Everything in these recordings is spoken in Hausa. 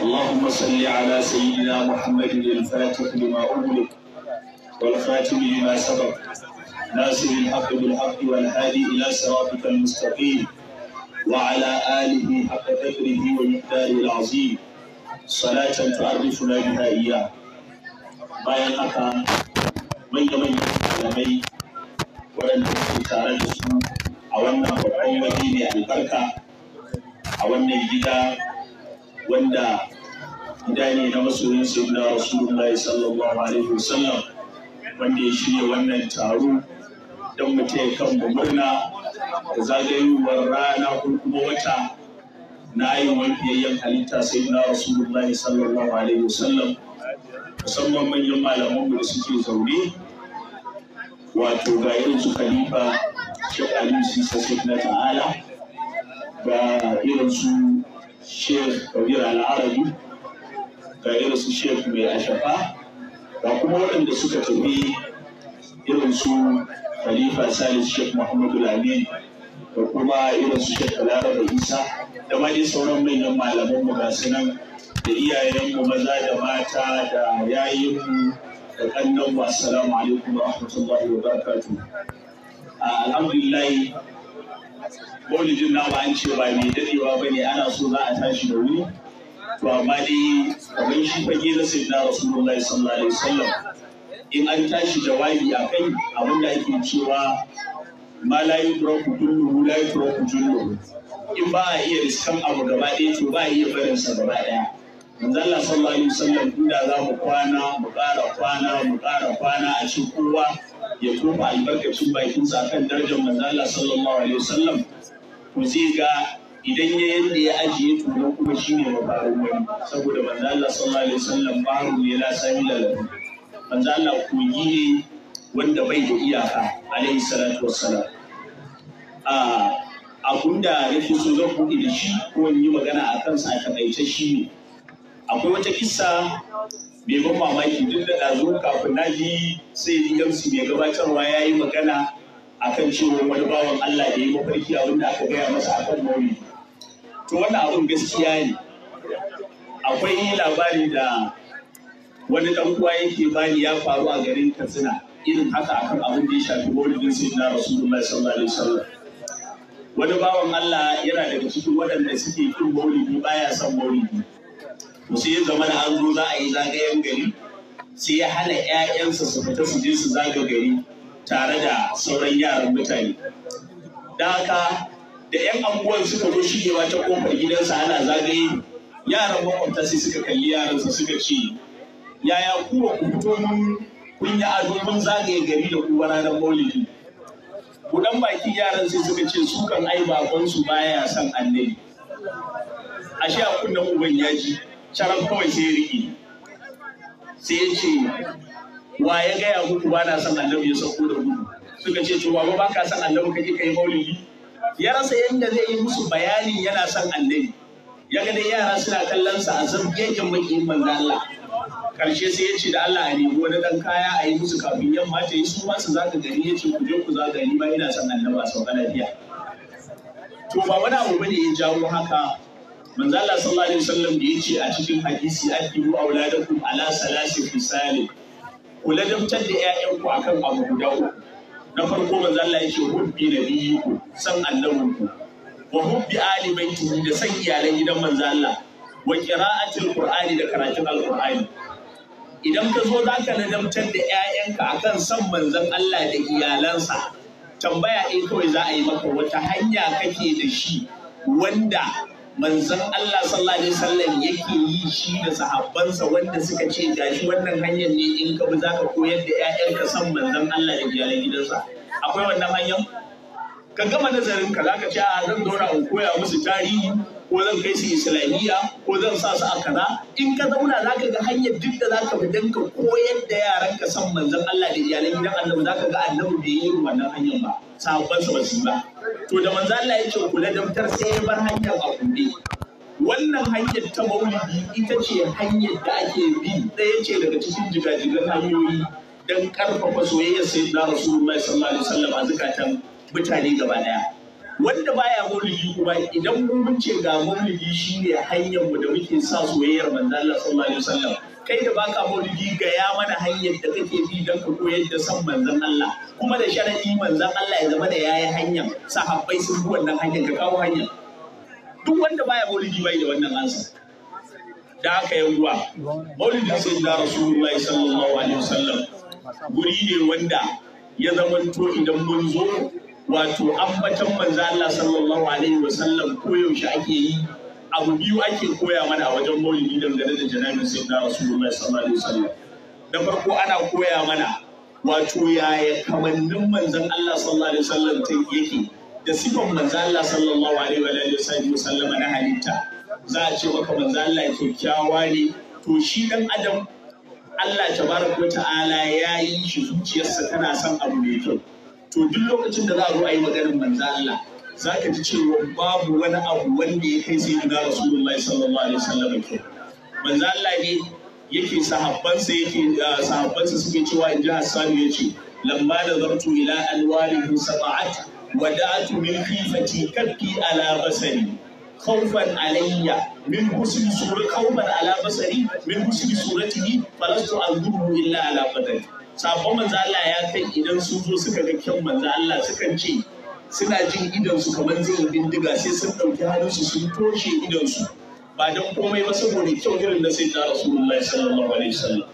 اللهم صل على سيدنا محمد الفاتح لما أغلق والخاتم لما سبق ناصر الحق بالحق والهادي إلى صراطك المستقيم وعلى آله حق قدره ومقداره العظيم صلاة تعرفنا بها إياه بين أخا من manyan malamai ولن suke tare da su a wannan babban wanda gida ne na masoyin sayyidina rasulullahi sallallahu alaihi wasallam wanda ya shirya wannan taro don mu taya kanmu murna da zagayowar rana ko kuma wata na yin wafiyayyen halitta sayyidina rasulullahi sallallahu alaihi wasallam musamman manyan malamanmu da suke zaune wato ga irin su khalifa shek aliyu sisa na ta'ala ga irin su shek kabir al'arabi ga irin su mai ashafa ga kuma waɗanda suka tafi irin su khalifa salis shek muhammadu Lami da kuma irin su shek da isa da ma dai sauran manyan malaman mu ga nan da iyayenmu maza da mata da yayinmu da ƙannan mu salamu alaikum wa rahmatullahi wa barakatuh alhamdulillah jin na an ce ba mai dadewa ba ne ana so za a tashi da wuri to amma dai kamar shi fage na sayyidina rasulullahi sallallahu alaihi wasallam in an tashi jawabi a kai abin da ake cewa ma la yudraku kulluhu la yudraku kulluhu in ba a iya riskan abu gaba ɗaya to ba a iya barin sa gaba ɗaya manzo Allah sallallahu alaihi wasallam inda za mu kwana mu ƙara kwana mu ƙara kwana a cikin kowa ya koma albarkacin bakinsa kan darajar manzala sallallahu alaihi wasallam ku zai ga idan ya yadda ya ajiye turo kuma shi ne mafarin wani saboda manzala sallallahu alaihi wasallam baru ya la sami lalahu manzo kogi ne wanda bai da iyaka alaihi salatu wasallam a ya nake so zan buɗe da shi ko in yi magana a kansa a takaice shi ne akwai wata kissa bai ban mamaki duk da ɗazu ka na ji sai DMC mai gabatarwa ya yi magana a kan cewa wani bawan Allah da ya mafarki a wanda aka gaya masa a kan mauli. To wannan abin gaskiya ne. Akwai labari da wani dan uwa yake bani ya faru a garin Katsina irin haka akan abin da ya shafi maulidin sayyidina Rasulullahi sallallahu alaihi wasallam. Wani bawan Allah yana daga cikin waɗanda suke kin maulidi baya son maulidi. Wasu yin ya zama da an zo za a yi zagayen gari sai ya hana 'ya'yansa su fita su je su zaga gari tare da sauran yaran mutane da haka da 'yan anguwan suka zo shigewa ta kofar gidansa ana zagaye yaran makwabta sai suka kalli yaransa suka ce yaya kuwa ku fito kun yi ado mun zagaye gari da kuwa ranar maulidi budan baki yaran sai suka ce su kan ai babansu baya son annabi ashe a kunnen uban ji, sharan kawai sai ya riƙe sai ya ce wa ya gaya muku ba na son annabi ya sauko da gudu suka ce to baba ba ka son annabi kake kai maulidi ya rasa yadda zai yi musu bayani yana san annabi ya ga dai yara suna kallon sa a san yankin makiyin manzo Allah karshe sai ya ce da Allah a nemi wani dan kaya a yi musu kafin yamma ta yi su masu zaka gari ya ce ku je ku zaka gani ma ina san annabi a sauka lafiya to ba wani abu bane ya jawo haka manzo Allah sallallahu alaihi wasallam da yace a cikin hadisi aqimu auladakum ala salasi fisali ku ladabtar da ku akan abu guda uku na farko manzo Allah yace hubbi nabiyyiku san annabinku wa hubbi ali baiti da san iyalan gidan manzo Allah wa qira'atil qur'ani da karatun alqur'ani idan ka zo za ka ladabtar da ƴaƴanka akan san manzon Allah da iyalansa tambaya in kawai za a yi maka wata hanya kake da shi wanda manzon Allah sallallahu alaihi wasallam yake yi shi da sahabbansa wanda suka ce gashi wannan hanyar ne in ka bi zaka koyar da ƴaƴanka san manzon Allah da iyalan gidansa akwai wannan hanyar ka gama nazarin ka zaka ce a zan dora in koya musu tarihi ko zan kai su islamiyya ko zan sa su a kaza in ka zauna zaka ga hanyar duk da zaka bi dan ka koyar da yaran ka san manzon Allah da iyalan gidan annabi zaka ga annabi bai yi wannan hanyar ba sahabbansa ba su ba to da manzo Allah ya ce kula damtar sai ya bar hanyar a kunbe. wannan hanyar ta maulidi ita ce hanyar da ake bi ɗaya ce daga cikin jigajigan hanyoyi don karfafa soyayyar sai da rasulullah sallallahu alaihi wasallam a zukatan mutane gaba ɗaya. wanda baya maulidi kuma idan mun ce ga maulidi shine hanyar mu da muke sa soyayyar manzo Allah sallallahu alaihi wasallam kai da baka maulidi gaya mana hanyar da kake bi don ka koyar da san manzon Allah kuma da sharadi manzon Allah ya zama da yayi hanyar sahabbai sun bi wannan hanyar ka kawo hanyar duk wanda baya maulidi bai da wannan ansa da haka yan uwa sai da rasulullahi sallallahu alaihi wasallam guri ne wanda ya zamanto idan mun zo wato ambatan manzon Allah sallallahu alaihi wasallam koyaushe ake yi abu biyu ake koya mana a wajen maulidi dangane da janabin sai na rasulullahi sallallahu alaihi wasallam na farko ana koya mana wato yaya kamannin manzon Allah sallallahu alaihi wasallam ta yake da sifan manzon Allah sallallahu alaihi wasallam na halitta za a ce maka manzon Allah kyakkyawa ne to shi dan adam Allah tabaraka ta'ala ya yi shi zuciyarsa tana son abu mai kyau to duk lokacin da za a zo a yi maganar manzon Allah za ka ji cewa babu wani abu wanda ya kai sai na rasulullahi sallallahu alaihi wasallam ke manzo Allah ne yake sa yake ah, sa suke cewa in ji Hassan ya ce lamma da zartu ila alwarihi sata'at wada'tu min khifati kabki ala basari Alayya علي من حسن صورة ala-basari بصري من حسن صورته falastu انظره illa ala بدني sabon manzo Allah ya kai idan sun zo suka ga kyan manzo Allah sukan ce suna jin idonsu kamar zai bindiga sai sun ɗauki hannunsu sun toshe idonsu ba don komai ba saboda kyau irin na sai na rasulullahi sallallahu alaihi wasallam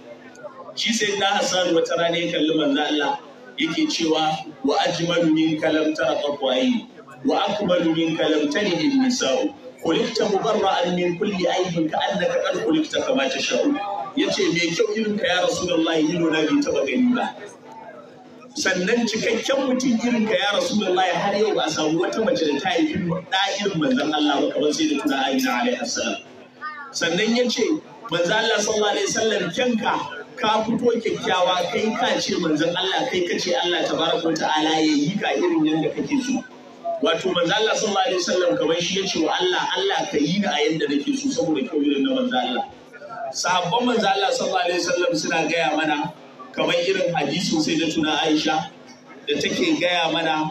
shi sai na hasan wata rana ya kalli manzo Allah yake cewa wa ajmalu min kalam ta qawaini wa akmalu min kalam tanhi sa'o. kulikta mubarra'an min kulli aibin ka annaka qad kulikta kama Ya yace me kyau irin ka ya rasulullahi ido na bi taba gani ba sannan cikakken mutum irin ka ya rasu da rasulullahi har yau ba samu wata mace da ta yi da irin manzon Allah ba kamar sai da tuna Aisha alaihi assalam sannan ya ce manzon Allah sallallahu alaihi wasallam kyanka ka fito kyakkyawa kai ka ce manzon Allah kai ka ce Allah tabaraka ta'ala ya yi ka irin yadda kake so wato manzon Allah sallallahu alaihi wasallam kamar shi ya ce wa Allah Allah ka yi ni a yadda nake so saboda kyau irin na manzon Allah sahabban manzon Allah sallallahu alaihi wasallam suna gaya mana kamar irin hadisin sai da tuna aisha da take gaya mana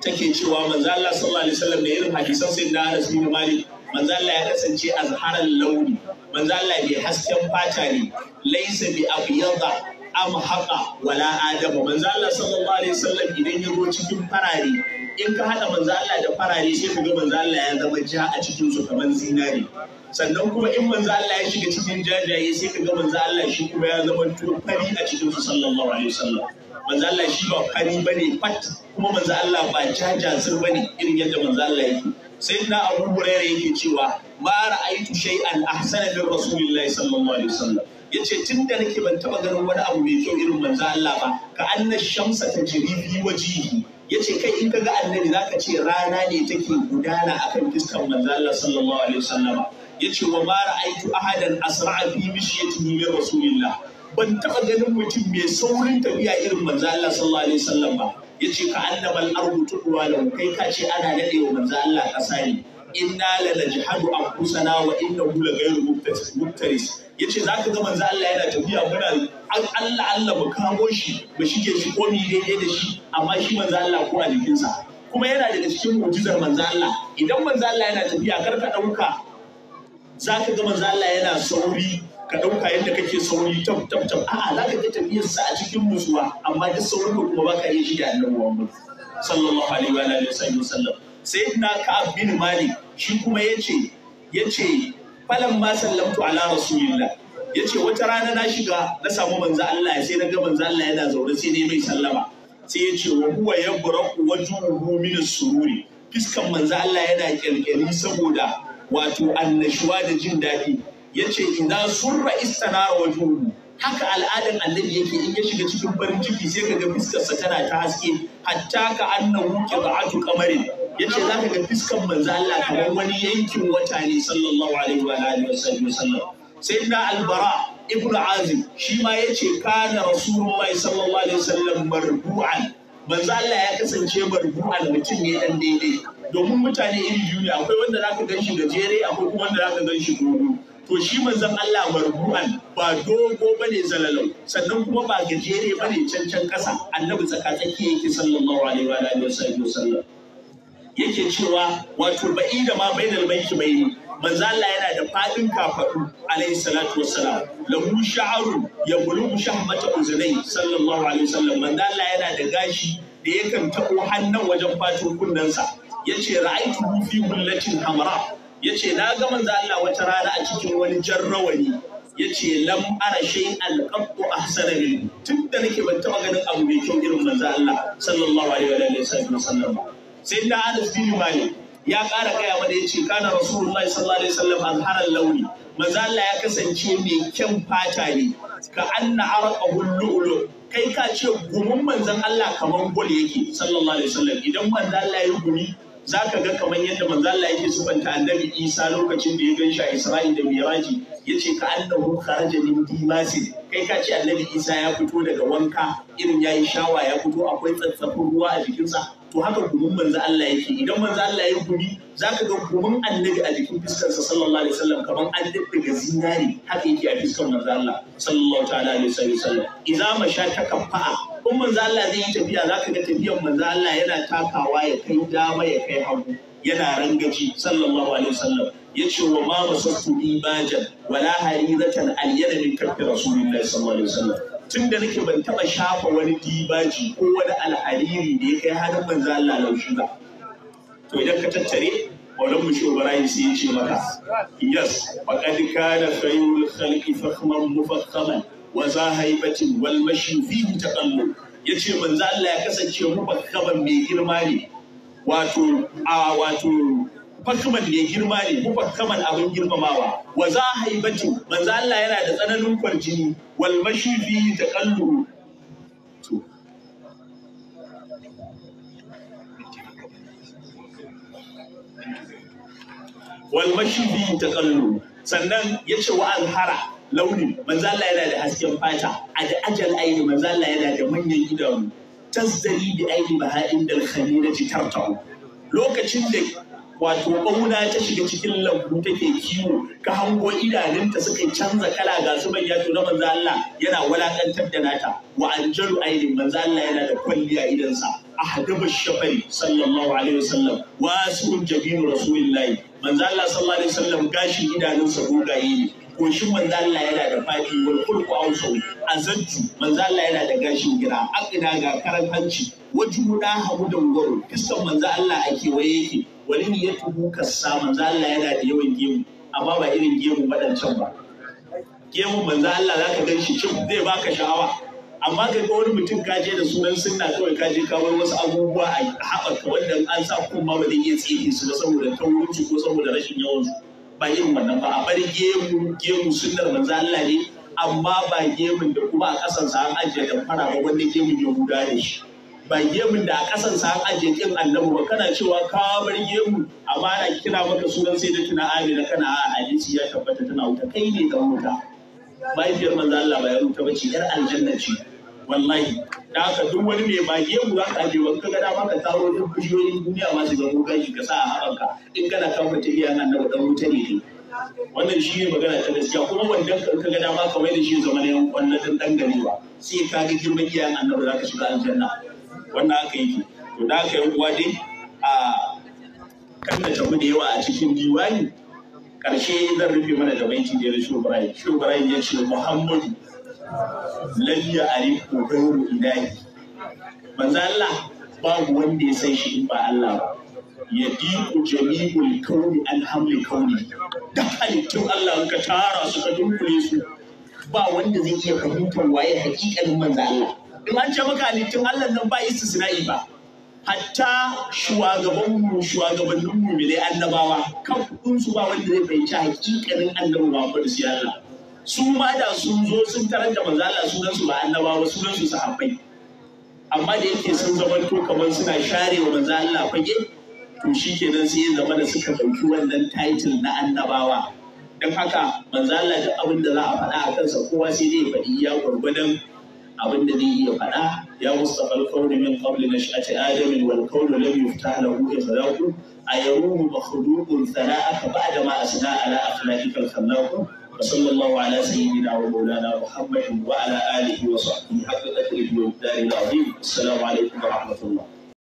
take cewa manzo Allah sallallahu alaihi wasallam da irin hadisan sai da Anas bin Malik manzo Allah ya kasance azharan launi manzo Allah bai hasken fata ne laysa bi abyada amhaqa wala adama manzo Allah sallallahu alaihi wasallam idan ya zo cikin farare in ka hada manzo Allah da farare sai ka ga manzo Allah ya zama ja a cikin su kamar zinari, sannan kuma in manzo Allah ya shiga cikin jajaye sai ka ga manzo Allah shi kuma ya zama tofari a cikin su sallallahu alaihi wasallam manzo Allah shi ba fari bane fat kuma manzo Allah ba jajazir bane irin yadda manzo Allah yake sai na Abu Hurairah yake cewa ma ra'aytu shay'an ahsana min rasulillahi sallallahu alaihi wasallam ya ce tun da nake ban taɓa ganin wani abu mai kyau irin manzo Allah ba ka anna shamsa ta jiribi wajihi ya ce kai in ka ga annabi za ka ce rana ne take gudana akan fiskan manzo Allah sallallahu alaihi wasallam ya ce wa ma ra'aitu ahadan asra'a fi mishiyatihi min rasulillah ban taɓa ganin mutum mai saurin tafiya irin manzo Allah sallallahu alaihi wasallam ba ya ce ka annabal ardu tudwa lahu kai ka ce ana dadewa wa manzo Allah kasa ne inna la najhadu kusana wa hu la ghayru muftaris yace zaka ga manzo Allah yana tafiya muna Allah Allah mu kamo shi mu shige shi ko daidai da shi amma shi manzo Allah ko a jikinsa kuma yana daga cikin mu'jizar manzo Allah idan manzo Allah yana tafiya kar ka dauka zaka ga manzo Allah yana sauri ka dauka yadda kake sauri tab tab tab a'a zaka ga tafiyarsa a cikin musuwa amma duk saurin kuma baka yin shi da annabawan sallallahu alaihi wa alihi wasallam sai na ka'ab bin malik shi kuma yace yace falan ma sallamtu ala rasulillah yace wata rana na shiga na samu manzo Allah sai na ga manzo Allah yana zaune sai ne mai sallama sai yace wa huwa yabraqu wajhuhu min sururi fiskan manzo Allah yana kirkiri saboda wato annashuwa da jin daɗi yace idza surra istanara wajhuhu haka al'adan annabi yake in ya shiga cikin farin ciki sai kaga fiskarsa tana ta haske hatta ka annahu qira'atu kamarin yace zaka ga fiskan manzo Allah kamar wani yankin wata ne sallallahu alaihi wa alihi wa sallam sai da albara ibnu azim shi ma yace kana rasulullahi sallallahu alaihi wa sallam marbu'an manzo Allah ya kasance marbu'an mutum ne dan daidai domin mutane iri biyu ne akwai wanda zaka gan shi gajere akwai kuma wanda zaka gan shi dogo to shi manzon Allah marbu'an ba dogo bane zalalau sannan kuma ba gajere bane cancan kasa annabi tsaka tsaki yake sallallahu alaihi wa alihi wa sallam yake cewa wato ba'i da ma bainal baiki bai manzo Allah yana da fadin kafadu alaihi salatu wassalam lahu sha'arun yablugu shahmata uzunai sallallahu alaihi wasallam manzo Allah yana da gashi da yakan tabo hannun wajen fatun kunnensa yace ra'aytu fi kullatin hamra yace na ga manzo Allah wata rana a cikin wani jarrawani yace lam ara shay al qattu ahsana min tun da nake ban taba ganin abu mai kyau irin manzo Allah sallallahu alaihi wa sai da Anas bin Malik ya ƙara gaya mana ya ce kana Rasulullahi sallallahu alaihi wasallam azharal launi manzo Allah ya kasance mai kyan fata ne ka anna arqahu lu'lu kai ka ce gumin manzon Allah kaman gol yake sallallahu alaihi wasallam idan manzo Allah ya gumi zaka ga kaman yadda manzo Allah yake subanta annabi Isa lokacin da ya ganshi a Isra'il da Miraji yace ka annahu kharaja min dimasi kai ka ce annabi Isa ya fito daga wanka irin yayi shawa ya fito akwai tsatsafin ruwa a jikinsa to haka gumin manzo Allah yake idan manzo Allah ya za zaka ga gumin annabi a jikin fiskarsa sallallahu alaihi wasallam kamar an daga zinari haka yake a fiskar manzo Allah sallallahu ta'ala alaihi wasallam idza masha takaffa'a kun manzo Allah zai yi tafiya zaka ga tafiyar manzo Allah yana takawa ya kai dama ya kai hagu yana rangaji sallallahu alaihi wasallam ya ce wa ma masattu ibajan wala hariratan alyana min kaffi rasulillahi sallallahu alaihi wasallam tun da nake ban taba shafa wani dibaji ko wani alhariri da ya kai hannun manzo Allah laushi ba to idan ka tattare wannan mu shehu barayi sai ya ce maka yes faqad kana khayrul khalqi fakhman mufakkaman wa za haibatin wal mashi fihi taqallu yace manzo Allah ya kasance mufakkaman mai girma ne wato a wato fakiman mai girma ne mufakkaman abin girmamawa wa za haibatu manzo Allah yana da tsananin kwarjini wal mashifi da kallu wal mashifi da kallu sannan ya ce wa alhara launi manzo Allah yana da hasken fata a da ajal aini manzo Allah yana da manyan idanu tazzali bi aini baha'in dal khalilati tartau lokacin da wato ƙauna ta shiga cikin lambu take kiwo ka hango idanunta suka canza kala ga su ban yato na manzo Allah yana walakantar da nata wa anjalu ainin manzo Allah yana da kwalliya idansa ahdaba shafari sallallahu alaihi wasallam wasu jabiru rasulillahi manzo Allah sallallahu alaihi wasallam gashin idanunsa gogaye ne koshin manzo Allah yana da fadi wal kulku a azantu manzo Allah yana da gashin gira akina ga karan hanci wajuhu da hamudan gwaro kisan manzo Allah ake waye yake wani ne ya tuhu kassa manzo Allah yana da yawan gemu amma ba irin gemu waɗancan ba gemu manzo Allah za ka ganshi cin zai baka sha'awa amma kai ga wani mutum ka je da sunan sunna kawai ka je kawai wasu abubuwa a haɓaka wanda an sa kuma ba zai iya tsiye su ba saboda taurinsu ko saboda rashin yawan su ba irin wannan ba a bar gemu gemu sunnar manzo Allah ne amma ba gemun da kuma a ƙasansa an ajiye damfara ba wanda gemun Yahuda da shi ba mu da a ƙasan sa aje kin annabi ba kana cewa ka bar mu amma ana kira maka sunan sai da tuna amina kana a hadisi ya tabbata tana wuta kai ne dan wuta mahaifiyar manzo Allah ba ya wuta ce, yar aljanna ce wallahi da haka duk wani mai ba mu za ka je ba kaga da maka taro duk bishiyoyin duniya ma su zama shi ka sa a haɓanka in kana kan mutum iya nan da dan wuta ne wannan shi ne magana ta gaskiya kuma wanda ka ga dama kamar da shi zama ne wannan dan dan sai ka ga girman iyayen annabi ka shiga aljanna wannan aka yi to da aka yi uwa dai a kanna da tafi da yawa a cikin diwani karshe zan rufe mana da baiti da ya shi Ibrahim shi Ibrahim ya ce Muhammadu lam ya'rifu ghayru ilahi manzo Allah babu wanda ya san shi in ba Allah ba ya diku jami'ul kauni an kauni da halittun Allah ka tara su ka dunkule su ba wanda zai iya fahimtar waye hakikalin manzo Allah in an ce maka halittun Allah nan ba istisna'i ba hatta shugabanmu shugabanninmu mu ne annabawa kan kudin su ba wanda zai fahimci hakikanin annabi ba ba su Allah su ma da sun zo sun tarar da manzo Allah sunan su ba annabawa sunan su sahabbai amma da yake sun zama zamanto kamar suna share wa manzo Allah fage to shikenan sai zama da suka dauki wannan title na annabawa don haka manzo Allah duk abin da za a faɗa a kansa kowa sai zai faɗi ya gwargwadon abin da zai iya faɗa ya musta falkau min kwabli na shi a ce adami walkau da lam yufta la hu ya a yaro mu ba ku dubun sana a ba da ma a sana ala a kana ki kalkan na ku wa sallallahu ala sayyidi na wa maulana muhammadin wa ala alihi wa sahbihi haka da ta ibi yau dari na wani assalamu alaikum wa rahmatullahi